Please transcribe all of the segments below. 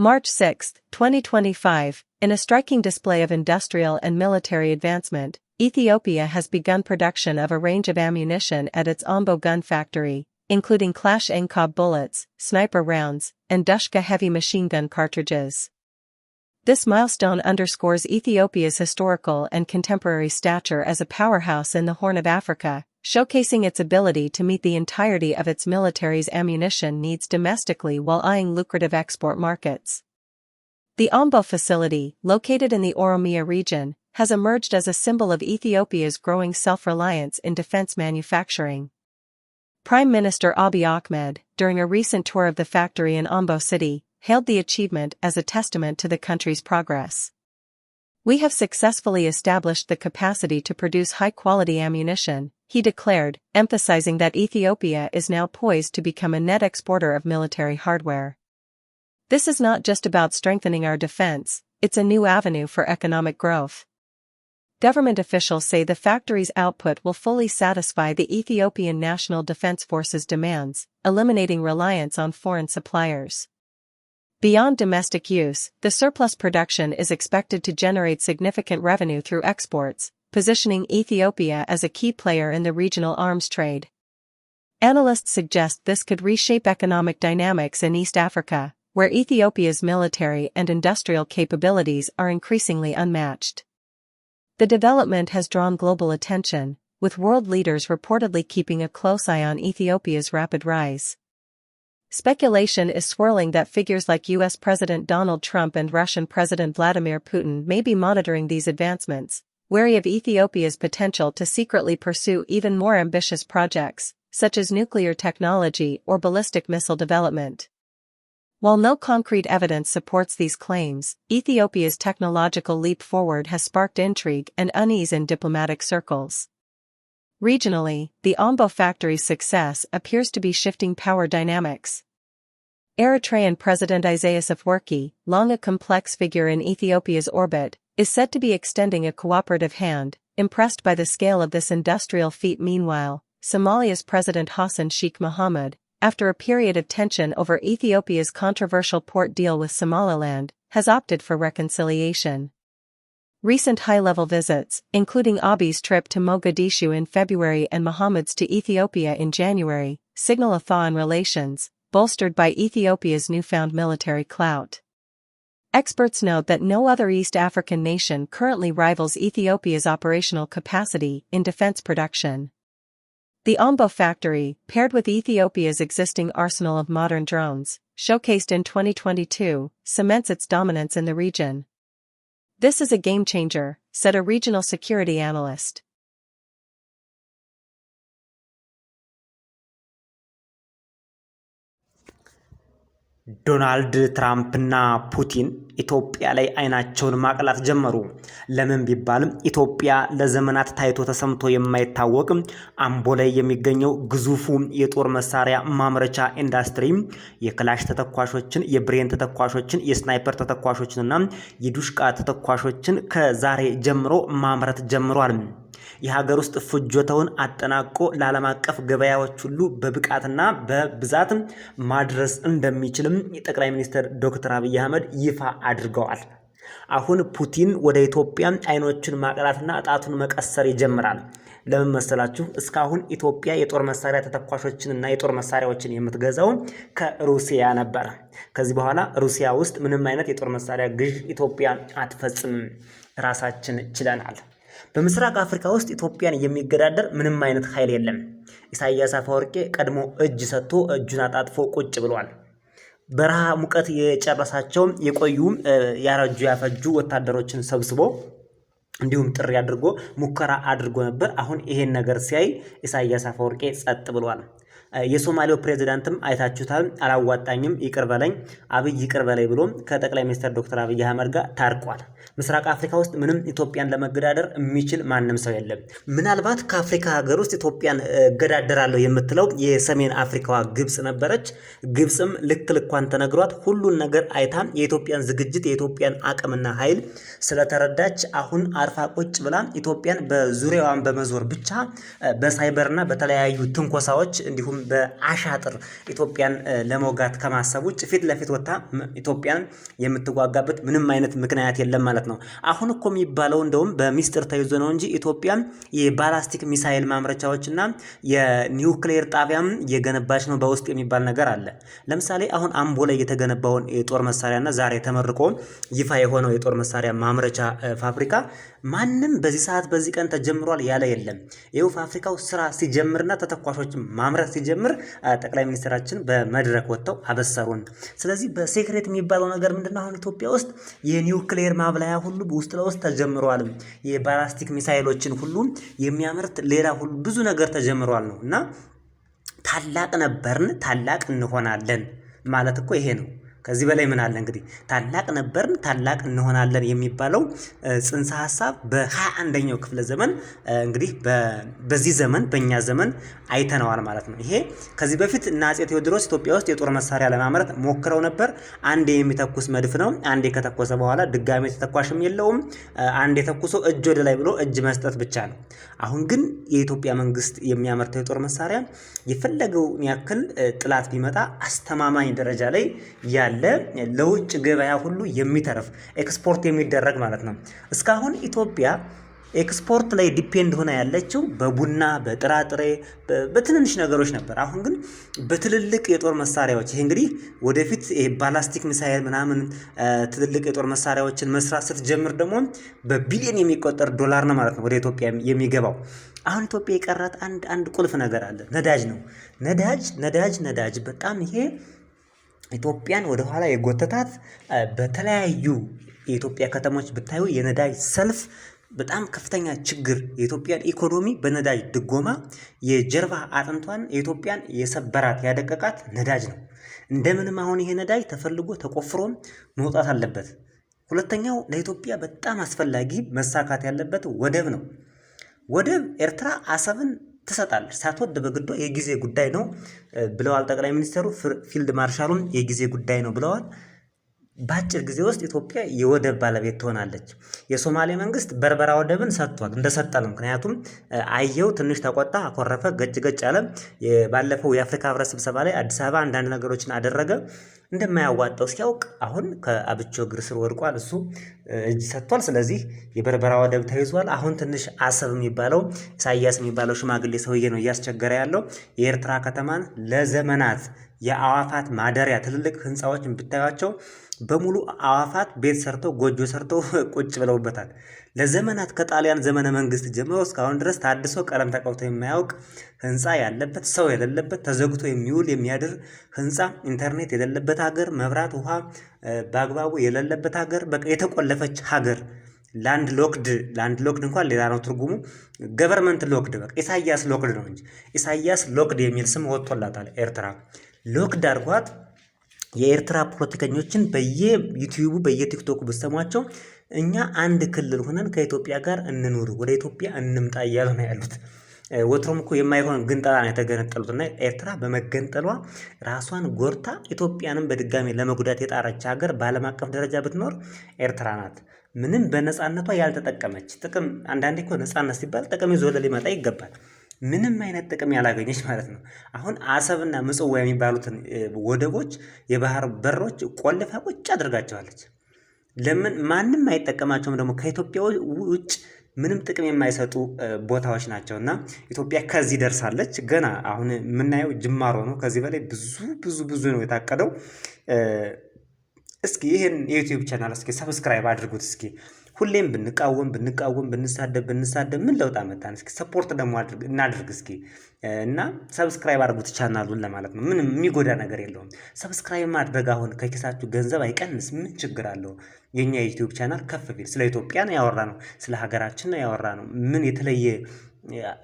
March 6, 2025, in a striking display of industrial and military advancement, Ethiopia has begun production of a range of ammunition at its Ombo gun factory, including Clash Enkab bullets, sniper rounds, and Dushka heavy machine gun cartridges. This milestone underscores Ethiopia's historical and contemporary stature as a powerhouse in the Horn of Africa, showcasing its ability to meet the entirety of its military's ammunition needs domestically while eyeing lucrative export markets. The Ombo facility, located in the Oromia region, has emerged as a symbol of Ethiopia's growing self-reliance in defense manufacturing. Prime Minister Abiy Ahmed, during a recent tour of the factory in Ombo City, hailed the achievement as a testament to the country's progress. We have successfully established the capacity to produce high-quality ammunition, he declared, emphasizing that Ethiopia is now poised to become a net exporter of military hardware. This is not just about strengthening our defense, it's a new avenue for economic growth. Government officials say the factory's output will fully satisfy the Ethiopian National Defense Force's demands, eliminating reliance on foreign suppliers. Beyond domestic use, the surplus production is expected to generate significant revenue through exports, positioning Ethiopia as a key player in the regional arms trade. Analysts suggest this could reshape economic dynamics in East Africa, where Ethiopia's military and industrial capabilities are increasingly unmatched. The development has drawn global attention, with world leaders reportedly keeping a close eye on Ethiopia's rapid rise. Speculation is swirling that figures like US President Donald Trump and Russian President Vladimir Putin may be monitoring these advancements, wary of Ethiopia's potential to secretly pursue even more ambitious projects, such as nuclear technology or ballistic missile development. While no concrete evidence supports these claims, Ethiopia's technological leap forward has sparked intrigue and unease in diplomatic circles. Regionally, the Ombo factory's success appears to be shifting power dynamics. Eritrean President Isaias Afwerki, long a complex figure in Ethiopia's orbit, is said to be extending a cooperative hand, impressed by the scale of this industrial feat meanwhile, Somalia's President Hassan Sheikh Mohammed, after a period of tension over Ethiopia's controversial port deal with Somaliland, has opted for reconciliation. Recent high-level visits, including Abiy's trip to Mogadishu in February and Mohammed's to Ethiopia in January, signal a thaw in relations, bolstered by Ethiopia's newfound military clout. Experts note that no other East African nation currently rivals Ethiopia's operational capacity in defense production. The Ombo factory, paired with Ethiopia's existing arsenal of modern drones, showcased in 2022, cements its dominance in the region. This is a game changer, said a regional security analyst. ዶናልድ ትራምፕና ፑቲን ኢትዮጵያ ላይ አይናቸውን ማቅላት ጀመሩ። ለምን ቢባል ኢትዮጵያ ለዘመናት ታይቶ ተሰምቶ የማይታወቅ አምቦ ላይ የሚገኘው ግዙፉ የጦር መሳሪያ ማምረቻ ኢንዱስትሪ የክላሽ ተተኳሾችን፣ የብሬን ተተኳሾችን፣ የስናይፐር ተተኳሾችንና የዱሽቃ ተተኳሾችን ከዛሬ ጀምሮ ማምረት ጀምሯል። የሀገር ውስጥ ፍጆታውን አጠናቆ ለዓለም አቀፍ ገበያዎች ሁሉ በብቃትና በብዛትም ማድረስ እንደሚችልም ጠቅላይ ሚኒስትር ዶክተር አብይ አህመድ ይፋ አድርገዋል። አሁን ፑቲን ወደ ኢትዮጵያ አይኖችን ማቅላትና እጣቱን መቀሰር ይጀምራል። ለምን መሰላችሁ? እስካሁን ኢትዮጵያ የጦር መሳሪያ እና የጦር መሳሪያዎችን የምትገዛው ከሩሲያ ነበር ከዚህ በኋላ ሩሲያ ውስጥ ምንም አይነት የጦር መሳሪያ ግዥ ኢትዮጵያ አትፈጽምም። ራሳችን ችለናል። በምስራቅ አፍሪካ ውስጥ ኢትዮጵያን የሚገዳደር ምንም አይነት ኃይል የለም። ኢሳያስ አፈወርቄ ቀድሞ እጅ ሰጥቶ እጁን አጣጥፎ ቁጭ ብሏል። በረሃ ሙቀት የጨረሳቸውም የቆዩም ያረጁ ያፈጁ ወታደሮችን ሰብስቦ እንዲሁም ጥሪ አድርጎ ሙከራ አድርጎ ነበር። አሁን ይሄን ነገር ሲያይ ኢሳያስ አፈወርቄ ጸጥ ብሏል። የሶማሌው ፕሬዚዳንትም አይታችሁታል። አላዋጣኝም ይቅር በለኝ አብይ ይቅር በለኝ ብሎ ከጠቅላይ ሚኒስትር ዶክተር አብይ አህመድ ጋር ታርቋል። ምስራቅ አፍሪካ ውስጥ ምንም ኢትዮጵያን ለመገዳደር የሚችል ማንም ሰው የለም። ምናልባት ከአፍሪካ ሀገር ውስጥ ኢትዮጵያን እገዳደራለሁ የምትለው የሰሜን አፍሪካዋ ግብፅ ነበረች። ግብፅም ልክ ልኳን ተነግሯት ሁሉን ነገር አይታ የኢትዮጵያን ዝግጅት የኢትዮጵያን አቅምና ኃይል ስለተረዳች አሁን አርፋ ቁጭ ብላ ኢትዮጵያን በዙሪያዋን በመዞር ብቻ በሳይበርና በተለያዩ ትንኮሳዎች እንዲሁም በአሻጥር ኢትዮጵያን ለመውጋት ከማሰብ ውጭ ፊት ለፊት ወታ ኢትዮጵያን የምትዋጋበት ምንም አይነት ምክንያት የለም ማለት ነው። አሁን እኮ የሚባለው እንደውም በሚስጥር ተይዞ ነው እንጂ ኢትዮጵያ የባላስቲክ ሚሳይል ማምረቻዎችና የኒውክሌር ጣቢያም እየገነባች ነው በውስጥ የሚባል ነገር አለ። ለምሳሌ አሁን አምቦ ላይ የተገነባውን የጦር መሳሪያና ዛሬ ተመርቆ ይፋ የሆነው የጦር መሳሪያ ማምረቻ ፋብሪካ ማንም በዚህ ሰዓት በዚህ ቀን ተጀምሯል ያለ የለም። ይኸው ፋብሪካው ስራ ሲጀምርና ተተኳሾችን ማምረት ሲጀምር ጠቅላይ ሚኒስትራችን በመድረክ ወጥተው አበሰሩን። ስለዚህ በሴክሬት የሚባለው ነገር ምንድነው? አሁን ኢትዮጵያ ውስጥ የኒውክሌር ማብላያ ሁሉ ውስጥ ለውስጥ ተጀምረዋል። የባላስቲክ ሚሳይሎችን ሁሉ የሚያመርት ሌላ ሁሉ ብዙ ነገር ተጀምሯል ነው እና ታላቅ ነበርን ታላቅ እንሆናለን ማለት እኮ ይሄ ነው። ከዚህ በላይ ምን አለ እንግዲህ ታላቅ ነበርን ታላቅ እንሆናለን የሚባለው ጽንሰ ሀሳብ በሀያ አንደኛው ክፍለ ዘመን እንግዲህ በዚህ ዘመን በእኛ ዘመን አይተነዋል ማለት ነው። ይሄ ከዚህ በፊት እነ አፄ ቴዎድሮስ ኢትዮጵያ ውስጥ የጦር መሳሪያ ለማምረት ሞክረው ነበር። አንዴ የሚተኩስ መድፍ ነው። አንዴ ከተኮሰ በኋላ ድጋሚ ተተኳሽም የለውም። አንዴ ተኩሶ እጅ ወደ ላይ ብሎ እጅ መስጠት ብቻ ነው። አሁን ግን የኢትዮጵያ መንግስት የሚያመርተው የጦር መሳሪያ የፈለገውን ያክል ጥላት ቢመጣ አስተማማኝ ደረጃ ላይ ያ ያለ ለውጭ ገበያ ሁሉ የሚተርፍ ኤክስፖርት የሚደረግ ማለት ነው። እስካሁን ኢትዮጵያ ኤክስፖርት ላይ ዲፔንድ ሆና ያለችው በቡና በጥራጥሬ በትንንሽ ነገሮች ነበር። አሁን ግን በትልልቅ የጦር መሳሪያዎች ይሄ እንግዲህ ወደፊት ባላስቲክ ሚሳይል ምናምን ትልልቅ የጦር መሳሪያዎችን መስራት ስትጀምር ደግሞ በቢሊዮን የሚቆጠር ዶላር ነው ማለት ነው ወደ ኢትዮጵያ የሚገባው። አሁን ኢትዮጵያ የቀራት አንድ አንድ ቁልፍ ነገር አለ። ነዳጅ ነው። ነዳጅ ነዳጅ ነዳጅ በጣም ይሄ ኢትዮጵያን ወደ ኋላ የጎተታት በተለያዩ የኢትዮጵያ ከተሞች ብታዩ የነዳጅ ሰልፍ በጣም ከፍተኛ ችግር የኢትዮጵያን ኢኮኖሚ በነዳጅ ድጎማ የጀርባ አጥንቷን የኢትዮጵያን የሰበራት ያደቀቃት ነዳጅ ነው። እንደምንም አሁን ይሄ ነዳጅ ተፈልጎ ተቆፍሮም መውጣት አለበት። ሁለተኛው ለኢትዮጵያ በጣም አስፈላጊ መሳካት ያለበት ወደብ ነው። ወደብ ኤርትራ አሰብን ትሰጣለች። ሳትወድ በግዷ የጊዜ ጉዳይ ነው ብለዋል ጠቅላይ ሚኒስትሩ። ፊልድ ማርሻሉም የጊዜ ጉዳይ ነው ብለዋል። በአጭር ጊዜ ውስጥ ኢትዮጵያ የወደብ ባለቤት ትሆናለች። የሶማሌ መንግስት በርበራ ወደብን ሰጥቷል፣ እንደሰጠ ነው። ምክንያቱም አየው ትንሽ ተቆጣ፣ አኮረፈ፣ ገጭ ገጭ አለ። ባለፈው የአፍሪካ ህብረት ስብሰባ ላይ አዲስ አበባ አንዳንድ ነገሮችን አደረገ። እንደማያዋጣው ሲያውቅ አሁን ከአብቾ እግር ስር ወድቋል። እሱ እጅ ሰጥቷል። ስለዚህ የበርበራ ወደብ ተይዟል። አሁን ትንሽ አሰብ የሚባለው ኢሳያስ የሚባለው ሽማግሌ ሰውዬ ነው እያስቸገረ ያለው የኤርትራ ከተማን ለዘመናት የአዋፋት ማደሪያ ትልልቅ ህንፃዎች ብታያቸው በሙሉ አዋፋት ቤት ሰርተው ጎጆ ሰርተው ቁጭ ብለውበታል። ለዘመናት ከጣሊያን ዘመነ መንግስት ጀምሮ እስካሁን ድረስ ታድሶ ቀለም ተቀብቶ የማያውቅ ህንፃ ያለበት ሰው የሌለበት ተዘግቶ የሚውል የሚያድር ህንፃ ኢንተርኔት የሌለበት የሌለበት ሀገር፣ መብራት ውሃ በአግባቡ የሌለበት ሀገር፣ በቃ የተቆለፈች ሀገር ላንድ ሎክድ ላንድ ሎክድ እንኳን ሌላ ነው ትርጉሙ። ገቨርመንት ሎክድ በቃ ኢሳያስ ሎክድ ነው እንጂ ኢሳያስ ሎክድ የሚል ስም ወጥቶላታል ኤርትራ። ሎክድ አድርጓት የኤርትራ ፖለቲከኞችን በየዩቲዩቡ በየቲክቶኩ ብሰሟቸው እኛ አንድ ክልል ሆነን ከኢትዮጵያ ጋር እንኑር፣ ወደ ኢትዮጵያ እንምጣ እያሉ ነው ያሉት። ወትሮም እኮ የማይሆን ግንጠላ ነው የተገነጠሉት እና ኤርትራ በመገንጠሏ ራሷን ጎርታ ኢትዮጵያንም በድጋሚ ለመጉዳት የጣረች ሀገር በዓለም አቀፍ ደረጃ ብትኖር ኤርትራ ናት። ምንም በነፃነቷ ያልተጠቀመች ጥቅም አንዳንዴ እኮ ነፃነት ሲባል ጥቅም ይዞ ሊመጣ ይገባል። ምንም አይነት ጥቅም ያላገኘች ማለት ነው። አሁን አሰብና ምጽዋ የሚባሉትን ወደቦች፣ የባህር በሮች ቆልፋ ቁጭ አድርጋቸዋለች። ለምን ማንም አይጠቀማቸውም? ደግሞ ከኢትዮጵያ ውጭ ምንም ጥቅም የማይሰጡ ቦታዎች ናቸው እና ኢትዮጵያ ከዚህ ደርሳለች። ገና አሁን የምናየው ጅማሮ ነው። ከዚህ በላይ ብዙ ብዙ ብዙ ነው የታቀደው። እስኪ ይህን የዩቲዩብ ቻናል እስኪ ሰብስክራይብ አድርጉት እስኪ ሁሌም ብንቃወም ብንቃወም ብንሳደብ ብንሳደብ ምን ለውጥ አመጣን? እስኪ ሰፖርት ደግሞ እናድርግ እስኪ እና ሰብስክራይብ አድርጉት ቻናሉን ለማለት ነው። ምንም የሚጎዳ ነገር የለውም። ሰብስክራይብ ማድረግ አሁን ከኪሳችሁ ገንዘብ አይቀንስ። ምን ችግር አለው? የኛ የዩቲዩብ ቻናል ከፍ ቢል ስለ ኢትዮጵያ ነው ያወራ ነው፣ ስለ ሀገራችን ነው ያወራ ነው። ምን የተለየ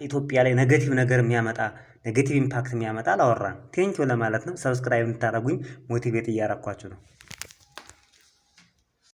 ኢትዮጵያ ላይ ነገቲቭ ነገር የሚያመጣ ኔጌቲቭ ኢምፓክት የሚያመጣ አላወራም። ቴንኪው ለማለት ነው። ሰብስክራይብ እንድታደርጉኝ ሞቲቬት እያረኳችሁ ነው።